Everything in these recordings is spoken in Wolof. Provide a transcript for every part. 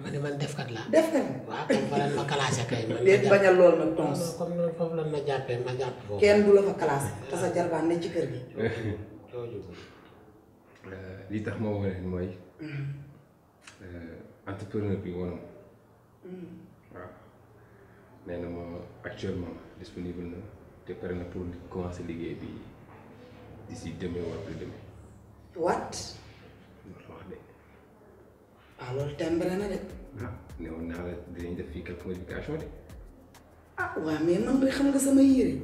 ma ne man defkat laa. defkat waaw comme fa lan ma classé kay. man bañal lool lan ma kenn du la fa classé te sa jarbaan ne ci kër gi. Euh, li tax ma wane mooy. Euh, entrepreneur bi woon mm. waaw nee na ma disponible na te pare na pour commencer liggéey bi d'ici demain wala après demain. what. ah loolu itam bare na de. ah def fii quelques modifications waaw mais man de xam nga samay yére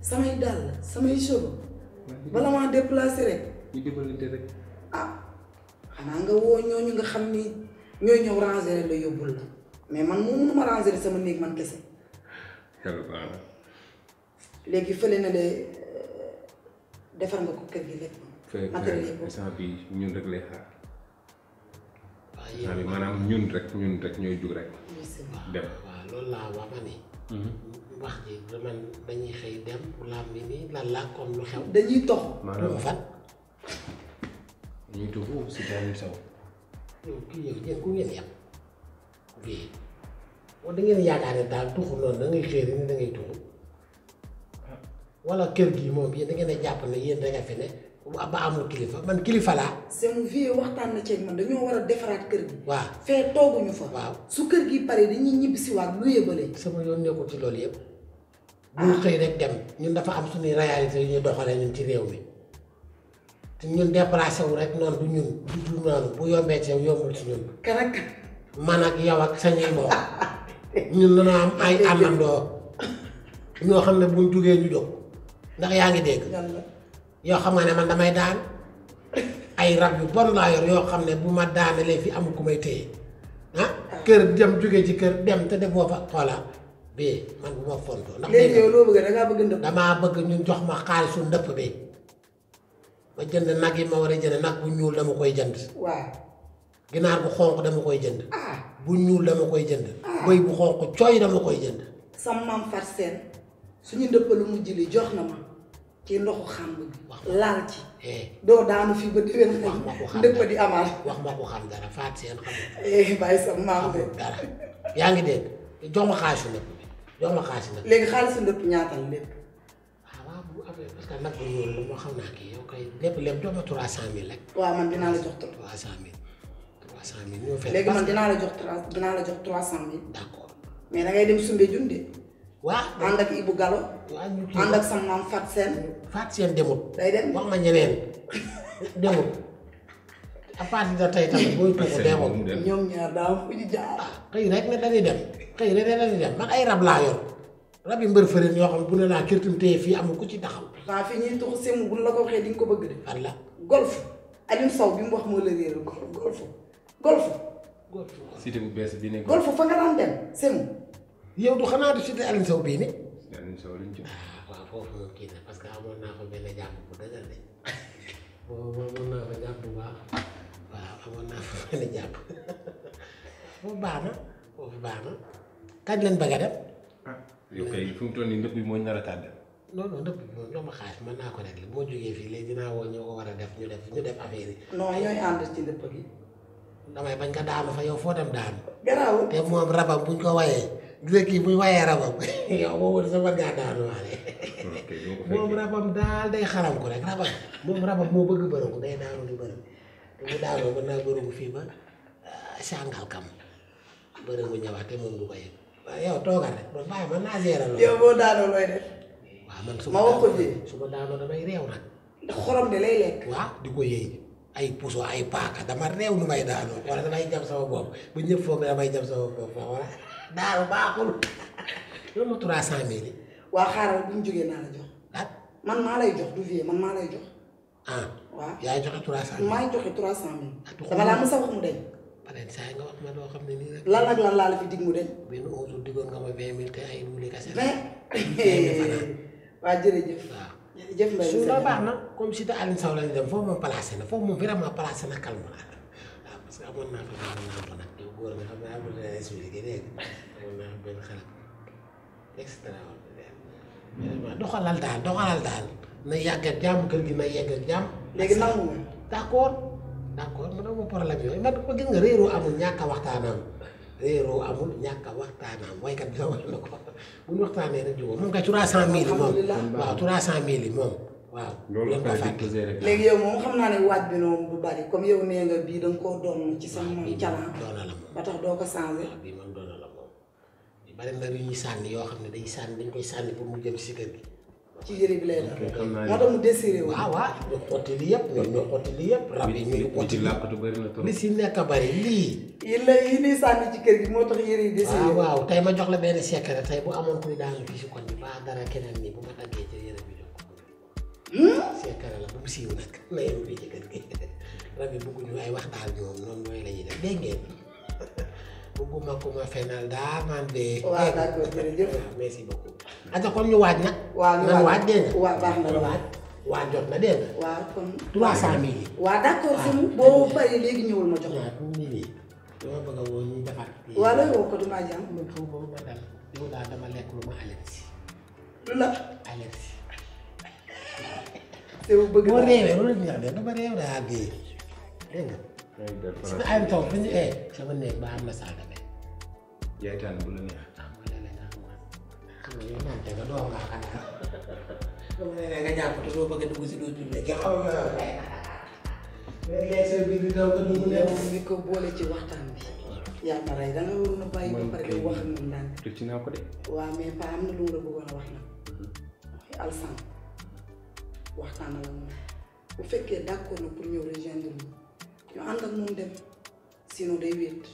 samay dàll samay cheveux. bala maa déplacé rek. ñu dimbalante ah xanaa nga woo ñooñu nga xam ni ñooy ñëw ranger la yóbbul la mais man moom mënuma ranger sama néeg man kese. yàlla na. léegi fële na de defar nga ko kër gi lépp. matériel bi instant bi ñun rek lay xaar. cest à maanaam ñun rek ñun rek ñooy jug rek. dem waaw loolu laa wax ma ne. Mhm. wax ji dañuy xëy dem laam bi nii lan laa kon lu xew. dañuy tox maanaam fan. ku ngeen yem. bii wax da yaakaar ne daal tuxu noonu da ngay xëy ni da ngay tuxu. Ah. wala kër gi moom yéen da ngeen jàpp ne yéen da fi ne. waa amul kilifa man kilifa laa. seen vie waxtaan na ceeg man dañoo war a defaraat kër gi. waaw fee tooguñu fa. waaw su kër gi pare dañuy ñibbisiwaat lu yoon nekkul ci loolu yëpp. bu xëy rek dem ñun dafa am suñuy réalité yu ñuy ci réew mi te ñun déplacé wu rek noonu du ñun du noonu bu yombee ci yombul ci ñun. kan man ak yow ak sañuy mbokk ñun dañoo am ay amandoo ñoo xam ne buñ jugee ñu jóg ndax yaa ngi dégg. yoo xam nga ne man damay daan ay rab yu bon laa yor yoo xam ne bu ma daanalee fi amu ku may téye ah, kër dem jóge ci kër dem te defoo fa xoola bi man bu ma fontoo ndax léegi bëgg ñu jox ma xaalisu ndëpp bi ma jënd nag yi ma war a jënd nag bu ñuul dama koy jënd waaw ginaar bu xonq dama koy jënd ah. bu ñuul dama koy jënd ah. bëy bu xonq cooy dama koy jënd sama maam far seen suñu ndëpp lu mu jëli jox na ma kii ndoxu xam laal ci eh. doo daanu fi ba di amaat wax ma ko xam dara faat seen xam eh, bàyyi sa maam de dara yaa ngi dégg jox ma xaalisu ndëpp bi jox ma xaalisu ndëpp léegi xaalisu ndëpp ñaatal lépp ah, waaw bu affaire parce que nag bu ñuul la moo xam trois cent mille léegi man dinaa la jox trois dinaa la jox trois cent mille d'accord mais da dem sumbe junde waaw ànd ak Ibou Gallo. waaw ñu kii ànd ak sama maam Seen. Fat Seen demut. day wax ma ñeneen demut à partir tey tamit booy tuuti demut. ñoom ñaar daaw fu ñu ah, xëy rek ne dañuy dem xëy rek ne dañuy dem man ay rab laa yor rab yi mbër fërin yoo xam bu ne naa kirtum téye fii amul ku ci taxaw. waaw fi ñuy tuux semu bu la ko waxee di nga ko bëgg de. walla golf Alioune Sow bi mu wax moo la réer golf golf golf. fa nga daan dem semu. yow du xanaa du site Alioune Sow bii nii. Alioune Sow liñ ci. waaw foofu moom kii na parce que amoon naa ko benn jàpp bu dëgër de boobu amoon naa fa jàpp baax waaw baax na foofu baax na kañ lañ bëgg a ah, bi moom dama xaar mën naa ko rek boo jógee fii léegi dinaa woo ñu ko war a def ñu def ñu def affaire yi. non ñooy ànd ci ndëpp gi. damay bañ ko daanu fa yow foo dem daanu. gannaaw moom rabam buñ ko wayee. gis kii buy waaye rabam yow boo wër sa war ngaa daanu waale moom rabam daal day xaram ko rek rabam moom rabam moo bëgg bërëngu day daanu di bërëngu mu daanoo mën naa bërëngu fii ba sàngal kam bërëngu ñëwaat te moom du ko yëg waaw yow toogal rek man bàyyi man naa gérer loolu yow boo daanoo looy def man su ma wax ko fii su ma daanoo damay réew nag ndax xorom de lay lekk waaw di ko yëy ay puso ay paaka dama réew nu may daanoo wala damay jam sama bopp bu ñëpp foog ne damay jam sama bopp wala daaru baaxul. loolu ma trois cent mille. waa xaaral bu ñu jógee naa la jox. ah man maa lay jox du vie man maa lay ah. a ah, loo xam ne nii rek. lan la fi dig mu deñ. benn oto diggoon nga ma vingt mille te ay wuli la. waaw jërëjëf. waaw. jërëjëf Mbaye. su na comme si te Alioune Sow lañ dem foofu moom placé na foofu moom vraiment placé na calme na. si amoon naa ko amoon naa ko nag yow góor nga xam ne amul naa expliqué dégg nga amoon naa benn xarit et cetera vraiment doxalal daal doxalal daal na yàgg ak jàmm kër gi na yegg ak jàmm. léegi nangu d' accord d' accord man amul problème yooyu man gis nga réeroo amul ñàkk a waxtaanam réeroo amul ñàkk a waxtaanam waykat bi la wax na ko bu ñu waxtaanee rek jubóo moom kay 300000 yi moom waaw 300000 yi moom. waaw loolu la léegi yow moom xam naa ne waat bi noonu du bari comme yow nee nga bii da nga koo doon ci sa moom calan ba tax doo ko changé. bi moom doon na la moom bari na yu ñuy sànni yoo xam ne day sànni dañ koy sànni pour mu jëm si kër gi. ci yëre bi lay def moo tax mu désiré wu. waaw waaw xotti li yëpp ñoom ñoo xotti li yëpp. rab yi ñu xotti li si nekk a bari lii. yi la yi nii sànni ci kër gi moo tax yëre yi désiré waaw waaw tey ma jox la benn secret tey bu amoon kuy daanu fii si keneen nii bu ma yëre bi seetlu la bu siiw nag na yow fii ci kër gi rab ay wax daal ñoom noonu mooy la ñuy def dégg ngeen bëgguma ku ma fenal de. waaw d'accord jërëjëf boo paree léegi ñëwul ma jox. waaw tuuti lii dama bëgg a woo ma ma dal dama lekk ma allergie. Morre, morre mi ambe, no bare yawra hage. Denga. Sina ayam taw fin eh sama ne ba amma sada be. Ya tan bulan ya. Kamu ini nanti kalau doang nggak akan. Kamu ini ya, nggak nyampe terus pakai tunggu si dulu dulu. Kamu léegi sa biir bi daw ko dugg léegi yow mi ko boole ci waxtaan bi yàlla rey da nga waroon a bàyyi ba pare di wax nag naan rëcc naa ko de waaw mais pa am na lu nga bëggoon a wax nag waxi alsan waxtaan ak moom bu fekkee d'accord na pour ñëw rejoindre ñu ñu ànd ak moom dem sinon day wéet.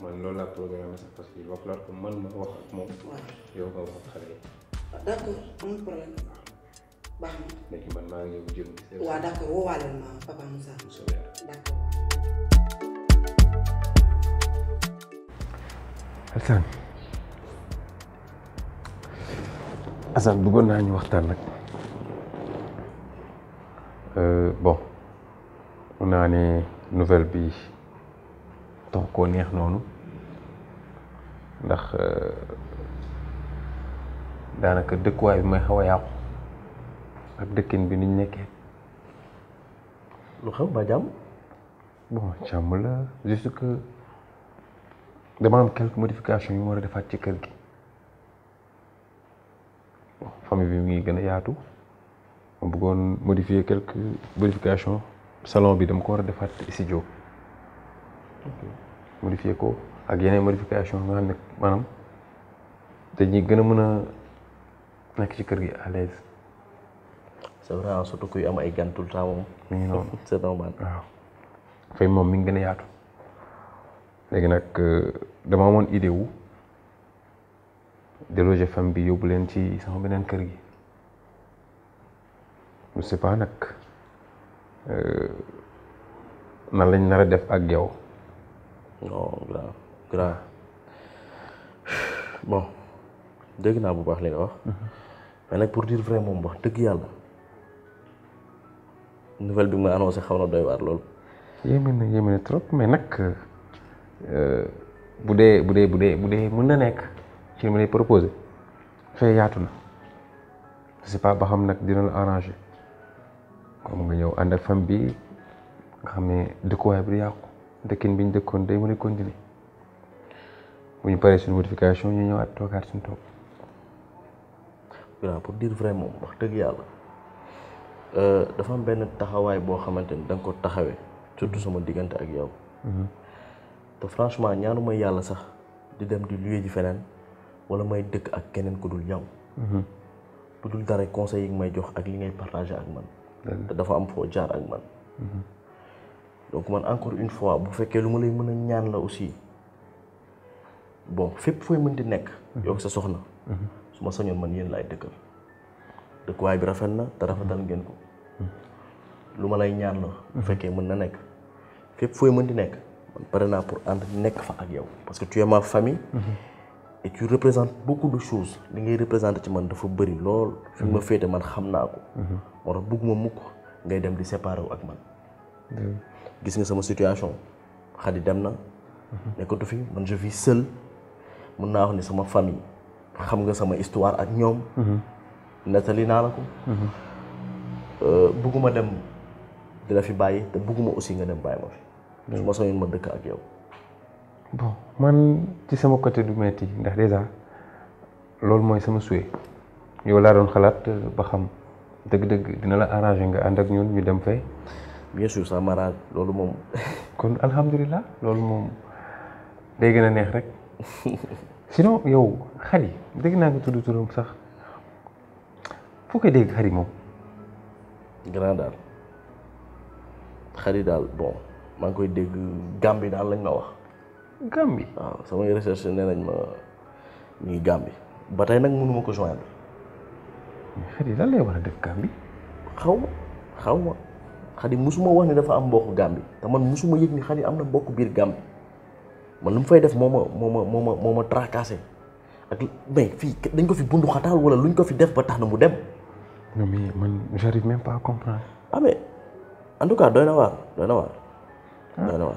man loolu laa programme sax parce que wax la ko man ma wax ak moom. waaw yow nga wax ak xale yi. Ah, d'accord amul problème baax na. léegi man maa ngi jëm. waaw d'accord woowaale ma papa Moussa. d'accord. Assane Assane bëggoon naa ñu waxtaan nag. Euh, bon on a une nouvelle bi tax koo neex non ndax euh, daanaka dëkkuwaay bi may xaw a ak dëkkin bi niñ nekkee lu xew ba jàmm bon jàmm la juste que dama am quelques modifications yu ma war a defaat ci kër gi famille bi mu ngi gëna a yaatu ma bëggoon modifier quelques modifications salon bi dama ko war a defaat studio modifier ko ak yeneen modification nga xam ne maanaam dañuy gën a mën a nekk ci kër gi à l'aise c'est vrai hein, surtout kuy am ay gan tout le temps moom mi ngi noonu c'est normal waaw fay moom mi ngi gën a yaatu léegi nag euh, dama amoon idée wu déloger femme bi yóbbu leen ci sama beneen kër gi mu si pas nag euh, nan lañ nar a def ak yow. non bon dégg naa bu baax li nga wax. Mhm. mais nag pour dire vrai moom wax dëgg yàlla nouvelle bi ma annoncé xaw na doy waar loolu. yéeme na yéeme na trop mais nag euh, bu dee bu dee bu dee bu dee mën na nekk ci li ma lay proposé. fee yaatu na je sais pas ba xam nag dina la arrangé. xam nga ñëw ànd ak fam bi nga xam ne dëkkuwaay bi du yàqu dëkkin bi ñu dëkkoon day mën a continuer bu ñu paree suñu modification ñu ñëwaat toogaat suñu toog. waaw pour wax dëgg yàlla euh, dafa am benn taxawaay boo xamante ni da ko taxawee surtout sama diggante ak yow. Mhm. te franchement ñaanu may yàlla sax di dem di luye ji feneen wala may dëkk ak keneen ku dul yow. bu mhm. dul dara conseil yi may jox ak li ngay partager ak man. Mm-hmm. te dafa am foo jaar ak man mm-hmm. donc man encore une fois bu fekkee lu ma lay mën a ñaan la aussi bon fépp fooy mën di nekk mm-hmm. yow sa soxna su ma sañoon man yéen laay dëkkal dëkkuwaay bi rafet na te rafetal ngeen ko lu ma lay ñaan la bu fekkee mën na nekk fépp fooy mën di nekk man pare naa pour ànd nekk fa ak yow parce que tu es et tu représentes beaucoup de choses li ngay représenter ci man dafa bëri lool fi ma fété man xamna ko mhm. mo tax bëgguma mukk ngay dem di séparé wu ak man gis nga sama situation xadi dem na mhm. nekkatu fi man je vis seul mën na wax ni sama famille xam nga sama histoire ak ñom mhm. natali na la ko euh, bëgguma dem di la fi bàyyi te bëgguma aussi nga dem bàyyi ma fi su soñu ma dëkk ak yow bon man ci sama côté du metti ndax déjà loolu mooy sama souhait yow laa doon xalaat euh, ba xam dëgg-dëgg dina la arranger nga ànd ak ñun ñu dem fay. bien sûr ça m'arrange loolu moom. kon alhamdulilah loolu moom day a neex rek sinon yow xari dégg naa ko tudd turam sax foo koy dégg xari moom. grand daal xari daal bon maa ngi koy dégg Gambie daal lañ ma wax. Gambi, waaw samay recherche nee nañ ma mi ngi Gambie ba tey nag mënuma ko joindre xadi lan lay war a Kau Gambie xaw ma xaw ma xadi musuma wax ni dafa am mbokk Gambie te man musuma yëg ni xadi amna na mbokk biir man lu fay def moo ma moo ma moo ak mais dañ ko fi bundu xataal wala luñ ko fi def ba tax na mu dem non mais man j'arrive même pas à comprendre ah mais en tout cas doy na waar doy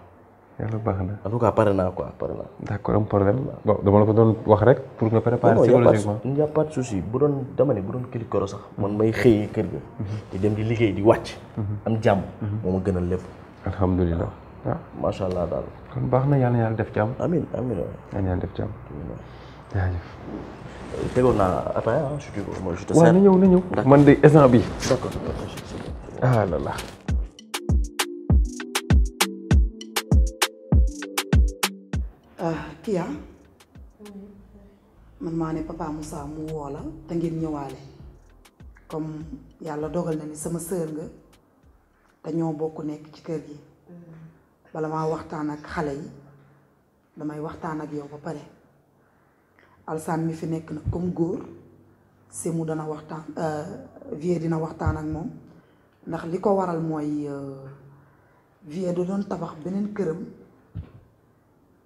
yàlla mhm. mhm. baax na en tout cas naa quoi pare naa. d' accord am problème bon dama la ko doon wax rek pour nga préparer psychologiquement non y' a pas de bu doon dama ne bu doon kili koro sax man may xëyee kër ga. di dem di liggéey di wàcc. am jàmm. moo ma gën a alhamdulilah waaw macha daal. kon baax na yàlla yàlla def jàmm. amiin amiin yàlla yàlla def jàmm. jaajëf. tegoon naa ataaya ah je te. na ñëw na ñëw. man de instant bi d' accord ah Euh, Kia ah? man maa ne papa Moussa mu woo la te ngeen ñëwaale comme yàlla dogal na ni sama sœur nga dañoo bokk nekk ci kër gi bala maa waxtaan ak xale yi damay waxtaan ak yow ba pare alsaan mi fi nekk na comme góor Sémou dana waxtaan euh, Vieux dina waxtaan ak moom ndax li ko waral mooy euh, Vieux da doon tabax beneen këram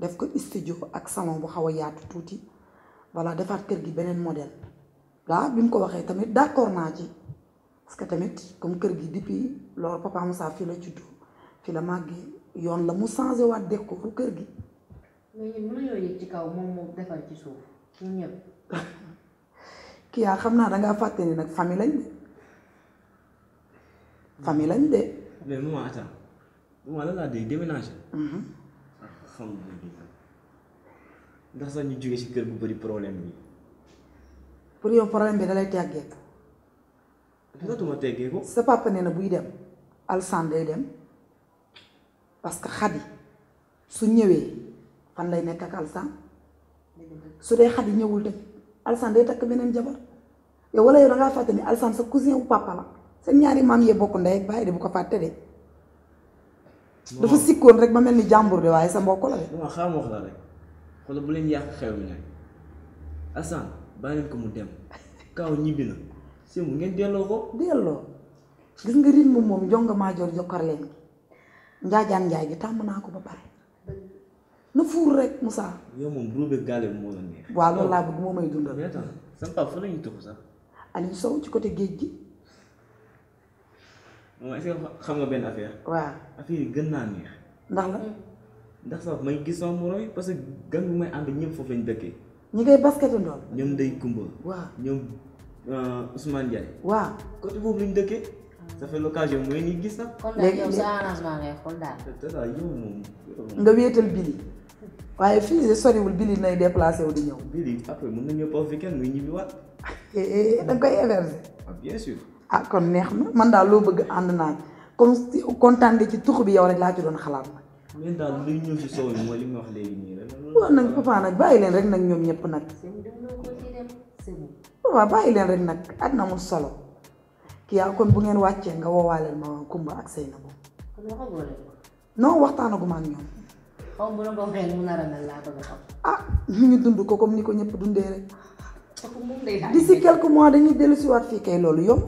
def ko studio ak salon bu xaw a yaatu tuuti voilà defaat kër gi beneen modèle daa bi mu ko waxee tamit d'accord naa ci parce que tamit comme kër gi depuis loolu papa Moussa fii ci du fii la màggee yoon la mu changé waat décor kër gi. mais ci kaw moom ci suuf ñun ñëpp. xam naa dangaa fàtte ni nag famille lañ de famille lañ de. mais maman attends maman lan laa dégg déménager. Mhm. alhamdulilah ndax sax ñu jógee ci kër bu bari problème bi. pour yow problème bi da lay teggee ko. dootuma sa papa nee na buy dem alsan day dem parce que xadi su ñëwee fan lay nekk ak alsan su dee xadi ñëwul te alsan day takk beneen jabar yow wala yow da ngaa fàtte alsan sa cousin wu papa la sa ñaari maam yee bokk ndey ak baay de bu ko fàtte de. dafa sikkoon rek ba mel ni jàmbur de waaye sa mbokk la de. waaw xaaral ma wax la rek xool bu leen yàq xew mi nag Assane bàyyi leen ko mu dem kaw ñibbi na si mu ngeen delloo ko. delloo gis nga rythme moom jonga maa jor jokkar leen njaajaan njaay gi tàmm naa ko ba pare na fuur rek Moussa. yow moom ruubee gaale bi moo la neex. waaw loolu laa bëgg moo may dundal. mais attends sa papa fa la sax. Aliou Sow ci côté géej gi. moom est-ce que xam nga benn affaire. waaw affaire yi gën naa neex. ndax la. Hmm. ndax sax may gis sama moroom yi parce que gan bu may ànd ñëpp foofu lañ dëkkee. ñi ngay basketu ndool. ñoom day Kumba. waaw ñoom euh, Ousmane Ndiaye. waaw côté boobu lañ dëkkee. ça fait l'occasion mooy gis nag. léegi kon daal yow sa arrangement ngay xool daal. te daal yow moom. nga wéetal bili. waaye fii de soriwul bili nay déplacé wu di ñëw. bili après mën na ñëw pas weekend muy ñibbiwaat. Eh, eh, eh, da nga koy inversé. Ah, bien sûr. ah kon neex man da lo bëgg and na comme kontaan ci tuq bi yow rek la ci doon xalaat nag. dal li ñu ci soow yi li nga wax léegi ni rek. waaw nag papa nak bàyyi len rek nag ñoom ñëpp nag. papa bàyyi leen rek nag at na mu solo. ki ya kon bu ngeen wacce nga woowaaleel ma Kumba ak seyna Seynabou. non waxtaanaguma ak ñom xaw ma bu mu ngeen mu nara na la a xam. ah ñu dund ko comme ni ko ñëpp dundee rek. d'ici quelques mois dañuy delu ci wat fi kay lolu yomb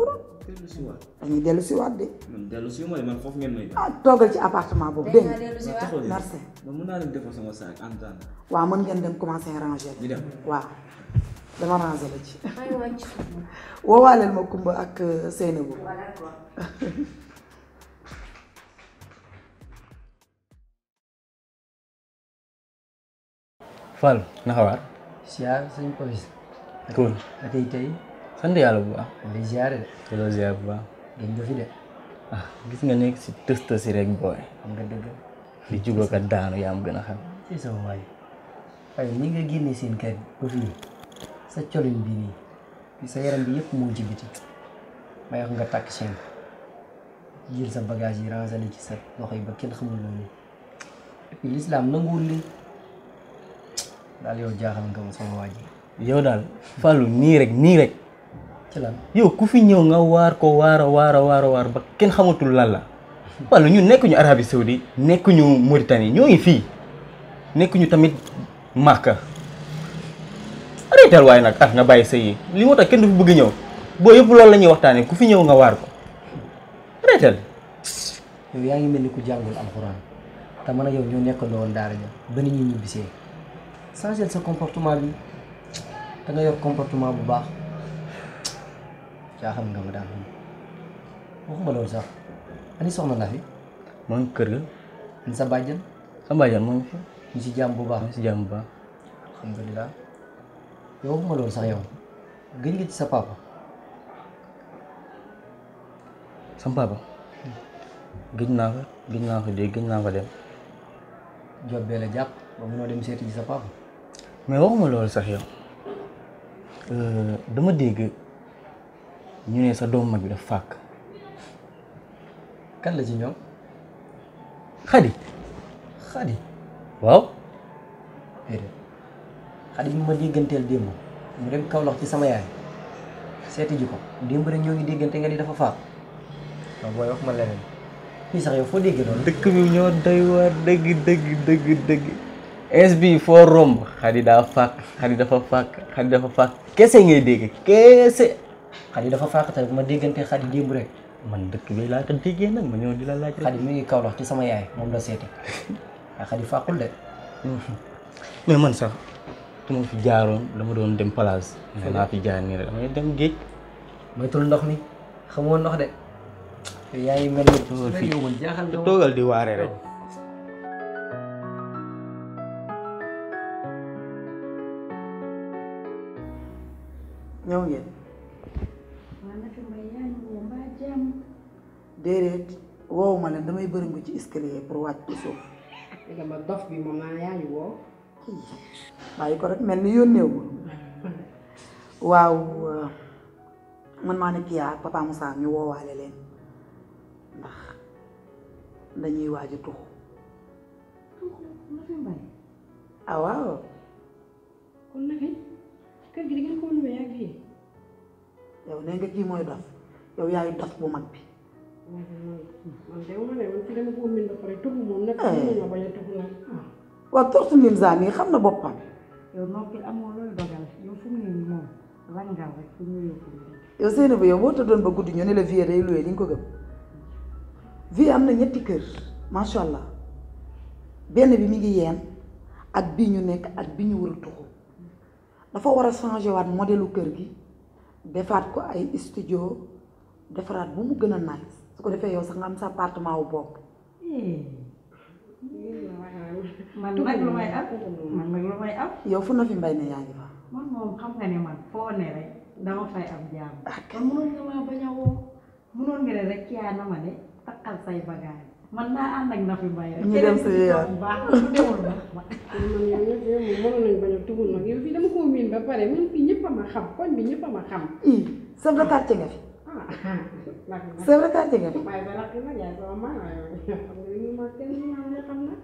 dañuy dellu si waat de. man dellu si mooy man foofu ngeen may. ah toogal ci appartement boobu dégg nga. merci. man mën naa leen defal sama saak en temps. waaw mën ngeen dem commencer ranger. ñu dem waaw dama ranger la ci. woowaaleel ma Kumba ak euh, Seynabou. Fall. na xawaar. si waay sëñ Pawlish. ak ak tey. Sandi ya lo ziyaare de. Kelo Kalau siapa? Ɗum sih deh Ah, gitu nggak nih si tuh tuh si reng boy enggak dëgg. Di juga kadang daanu yaa am gën a ah. semua Si sama waay. Waaye ni nga génne seen kër ba ya, sa colin bi nii sa yaram bi yëpp moo ci biti may wax nga tàkk chaîne jël sa bagage yi rangale ci sa loxo yi ba kenn xamul loolu et puis l'islam nanguwul li daal yow jaaxal nga ma ci yow ku fi ñëw nga waar ko waar a waar a waar ba kenn xamatul lan la wala ñu nekk ñu Arabie Saoudi nekk ñu Mauritanie ñoo ngi fii nekkuñu tamit Màkka arrêté waaye nag ah nga bàyyi sa yi li moo tax kenn du fi bëgg ñëw boo yëpp loolu la ñuy waxtaanee ku fi ñëw nga waar ko arrêté. yow yaa ngi mel ni ku jàngul alxuraan te man ak yow ñoo nekkandoo woon daara ñu ba ni ñuy ñibbisee changer sa comportement bi da nga yor comportement bu baax. Jaham kang dahan. Oh, kumalo sa. Ani sa manan ni? Mangker. Ani sa bayan? Sa bayan mo. Ni si Jambo ba? Si Jambo. Alhamdulillah. Yo, kumalo sa yo. Gingit sa papa. Sa papa. Gingna, gingna ko di gingna ko din. Jo bela jak, mo no dem sa papa. Mayo kumalo sa yo. Ya. Eh, ñu ne sa doom mag bi dafa fàkk kan la ci ñoom xadi xadi waaw xadi bi ma dégganteel démb mu dem lox ci sama yaay seeti ji ko démb rek ñoo ngi déggante nga ni dafa faat waaw booy wax ma leneen fii sax yow foo déggee loolu dëkk bi ñoo doy waar dëgg dëgg dëgg dëgg es bi foo romb xadi daa fàkk xadi dafa fàkk xadi dafa fàkk kese ngay dégg kese xadi dafa faak bu ma déggantee xadi démb rek man dëkk bi laa ko déggee nag ma ñëw di la laaj xadi mi ngi Kawlax ci sama yaay moom la seeti xadi faakul de mais man sax dama fi jaaroon dama doon dem place ne naa fi jaar nii rek damay dem géej tul ndox ni xamoo ndox de yaa ngi mel fi toogal di waare rek ñëw ngeen déedéet woowu leen damay bëri ci escalier pour wàcc ci suuf. dama bi moom naa yaa ngi woo. mel ni yónnee wu. waaw man maa ne kii ak papa Moussa ñu woowaale leen ndax dañuy waaj a tuxu. ah waaw. kon nag nee nga kii mooy dof yow yaayu dof bu mag bi. Ah. waaw tortu nim saa nii xam na boppam. yow noppi amoo loolu yow boo tëddoon ba guddi ñu ne la vie day loué di nga ko gëm vie am na ñetti kër macha allah benn bi mu ngi yeen ak bi ñu nekk ak bi ñu war a tuxu dafa war a changé waat modelu kër gi defaat ko ay studio defaraat bu mu gën a nice su ko defee yow sax nga am sa appartement wu bopp. Hmm. man nag lu may am yow fu na fi mbay ne yaa ngi fa. man moom xam nga ne man foo ne rek dama fay am jàmm. Ah, kon mënoon nga maa bañ a woo rek yaa na ma ne takkal say bagage. man naa ànd ak na fi mbay rek. ñu dem sa yaay baax man yow yow mënoon nañu bañ a tugul nag yow a ah, ma xam koñ bi ñëpp a ah, ma xam. sëñ bi tàcce nga fi. sëb la nga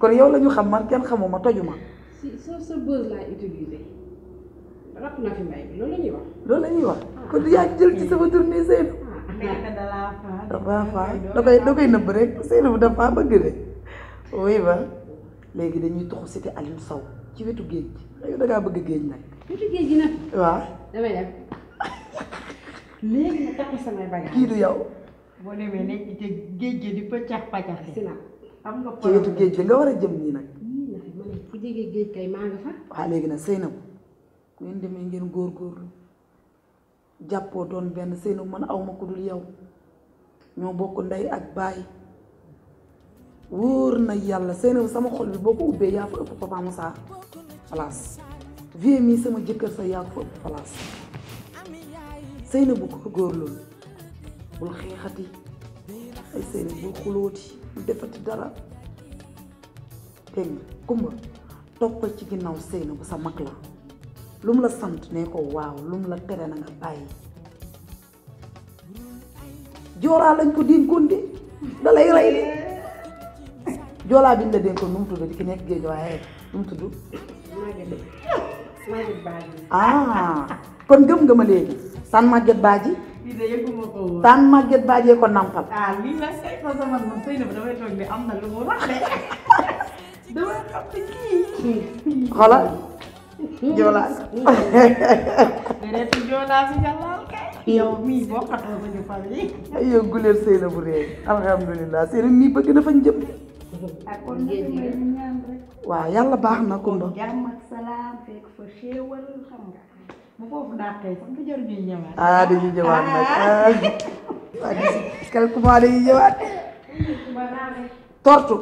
kon yow lañu xam man kenn xamuma tojuma. si sa sa loolu la ñuy wax. loolu la ñuy wax kon yaa jël ci sama tournée Seydou. dafa faa da koy da koy nëbb rek dafa bëgg de. oui ba léegi dañuy tuxu cité Aliou Sow ci wetu géej gi yow da bëgg géej nag. wetu léegi kii du yow. boo demee ne te géej gi di pëccax pàccax. si la nga ci wetu géej gi nga war a jëm nii nag. nii nag man fu léegi nag sëy na ko ku ngeen demee ngeen góorgóorlu jàppoo doon benn sëy na man aw ma ku dul yow ñoo bokk ndey ak baay. wóor na yàlla seen sama xol bi boo ko ubbee yaa fa ëpp papa Moussa place vie mi sama jëkkër sa yaa fa ëpp place bu ko gorlo bu xexati ay seyna bu xuloti defati dara teng kuma top toppal ci seyna bu sa mak la lum la sant ne ko waw lum la tere na nga baye jora lañ ko dénkoon de dalay ray li jola biñ la den ko num ki waaye ah kon gëm-gëma legi tan màgget baaji lii de yëguma ko tan màgget baajee ko nampal ah li la sey ko sama man sey na dama tok di amna lu mo wax de dama xam ki kii jola dere deretu jola si yalla kay yow mii boo xatoo suñu fan yi yow guleer sëy na bu réer alhamdulilah sëy na bëgg na fañ jëm wa yalla baax na kumba jàmm ak salaam fekk fa xéewal xam nga bu foofu dàqee sax du jël ñuy ñëwaat. ah nag ah. waa gis calculement dañuy tortu.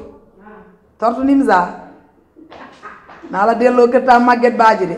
tortu Nimza. naa la delloo kër taa màgget baaji de.